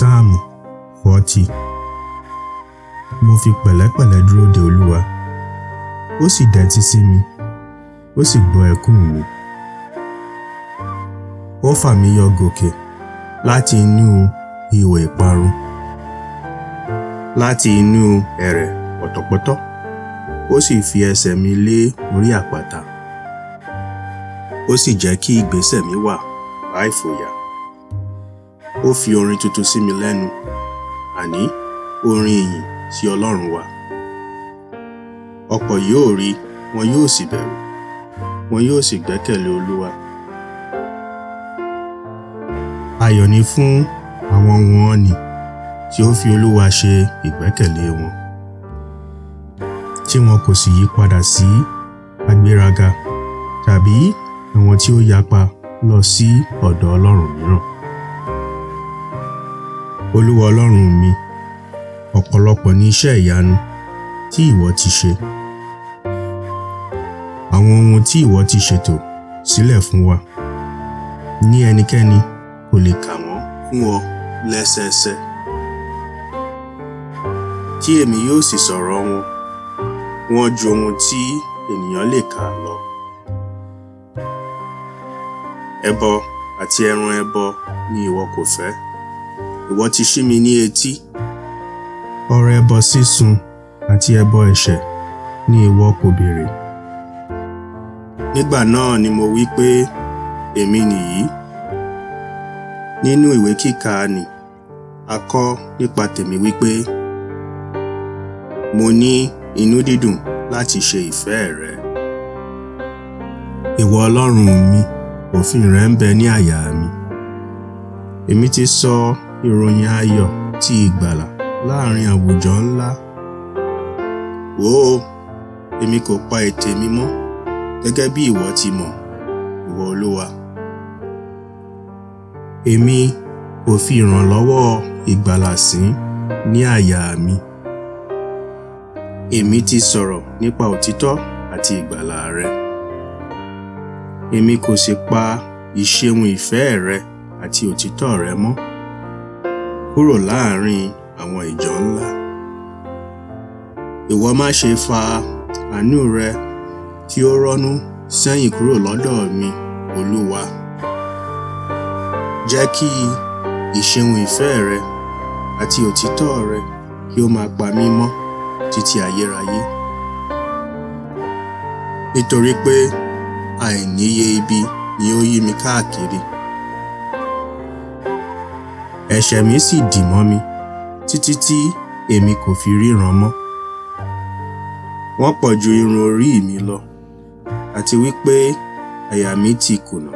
Sáàmù forty. Mo fi pẹ̀lẹ́pẹ̀lẹ́ dúró de Olúwa, ó sì dẹ́tí sí mi, ó sì gbọ́ ẹkún mi. Ó fà mí yọ gòkè láti inú ihò ìparun, láti inú ẹ̀rẹ̀ pọ̀tọ̀pọ̀tọ̀, ó sì fi ẹsẹ̀ mi lé orí àpáta, ó sì jẹ́ kí ìgbésẹ̀ mi wà láìfòyà ó fi orin tuntun sí mi lẹ́nu àní orin ìyìn sí ọlọ́run wa ọ̀pọ̀ yóò rí wọn yóò sì bẹ̀rù wọn yóò sì gbẹ́kẹ̀lé olúwa ayọ̀ ni fún àwọn wọ̀nnì tí ó fi olúwa ṣe ìgbẹ́kẹ̀lé wọn tí wọn kò sì yí padà sí agbéraga tàbí àwọn tí ó yapa lọ sí ọ̀dọ̀ ọlọ́run mìíràn olúwa ọlọ́run mi ọ̀pọ̀lọpọ̀ ni iṣẹ́ ìyanu tí ìwọ ti ṣe àwọn ohun tí ìwọ ti ṣètò sílẹ̀ fún wa ní ẹnikẹ́ni kò lè kà wọ́n fún ọ lẹ́sẹẹsẹ tí èmi yóò sì sọ̀rọ̀ wọn wọ́n ju ohun tí ènìyàn lè kà lọ ẹbọ àti ẹran ẹbọ ni ìwọ kò fẹ́ ìwọ ti ṣí mi ní etí. ọrẹ ẹbọ sísun àti ẹbọ ẹ̀ṣẹ̀ ni ìwọ kò béèrè. nígbà náà ni mo wí pé èmi nìyí nínú ìwé kíkà ni a kọ nípa tèmi wípé mo ní inú dídùn láti ṣe ìfẹ́ rẹ. ìwọ ọlọ́run mi òfin rẹ ń bẹ ní àyà mi èmi ti sọ ìròyìn ayọ̀ ti ìgbàlà láàrin àwùjọ ńlá. Wò ó, èmi kò pa ètè mi mọ́ gẹ́gẹ́ bí ìwọ ti mọ̀, ìwọ Olúwa. Èmi kò fi ìrànlọ́wọ́ ìgbàlà sín ní àyà mi. Èmi ti sọ̀rọ̀ nípa òtítọ́ àti ìgbàlà rẹ. Èmi kò sì pa ìṣeun ìfẹ́ rẹ àti òtítọ́ rẹ mọ́ kúrò láàrin àwọn ìjọ ńlá. Ìwọ má ṣe fa àánú rẹ tí ó rọ́nú sẹ́yìn kúrò lọ́dọ̀ mi, Olúwa. Jẹ́ kí ìṣeun ìfẹ́ rẹ àti òtítọ́ rẹ kí ó máa pa mí mọ́ títí ayérayé. Nítorí pé àìníye ibi ni ó yí mi káàkiri ẹ̀ṣẹ̀ mi sì dì mọ́ mi títí tí èmi kò fi ríran mọ́. Wọ́n pọ̀ ju irun orí mi lọ àti wípé àyà mi ti kùnà.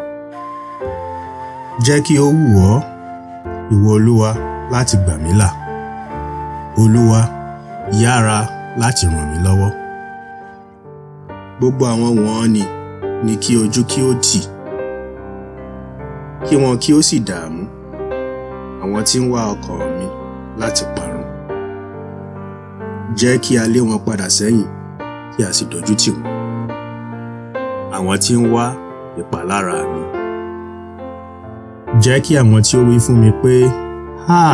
Jẹ́ kí ó wù ọ́, ìwọ Olúwa, láti gbà mí là. Olúwa, yára láti ràn mí lọ́wọ́. Gbogbo àwọn wọ̀nyí ni kí ojú kí ó tì, kí wọn kí ó sì dààmú àwọn tí ń wá ọkọ̀ mi láti parun. Jẹ́ kí a lé wọn padà sẹ́yìn kí a sì dojú tì wọ́n. Àwọn tí ń wá ìpalára mi. Jẹ́ kí àwọn tí ó wí fún mi pé háà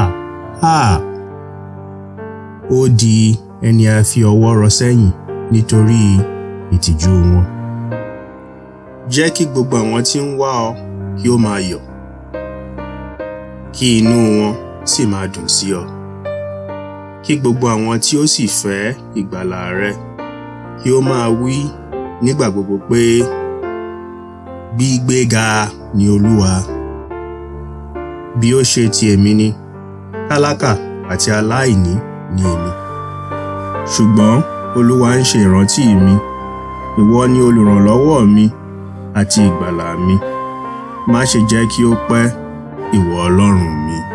háà ó di ẹni a fi ọwọ́ rọ sẹ́yìn nítorí ìtìjú wọn. Jẹ́ kí gbogbo àwọn tí ń wá ọ kí ó máa yọ̀ kí inú wọn sì máa dùn sí ọ kí gbogbo àwọn tí ó sì fẹ́ ìgbàlà rẹ kí ó máa wí nígbà gbogbo pé gbígbéga ni olúwa bí ó ṣe ti èmi ni tálákà àti aláìní ni èmi ṣùgbọ́n olúwa ń ṣe ìrántí mi ìwọ ni olùrànlọ́wọ́ mi àti ìgbàlà mi má ṣe jẹ́ kí ó pẹ́ ìwọ Ọlọ́run mi.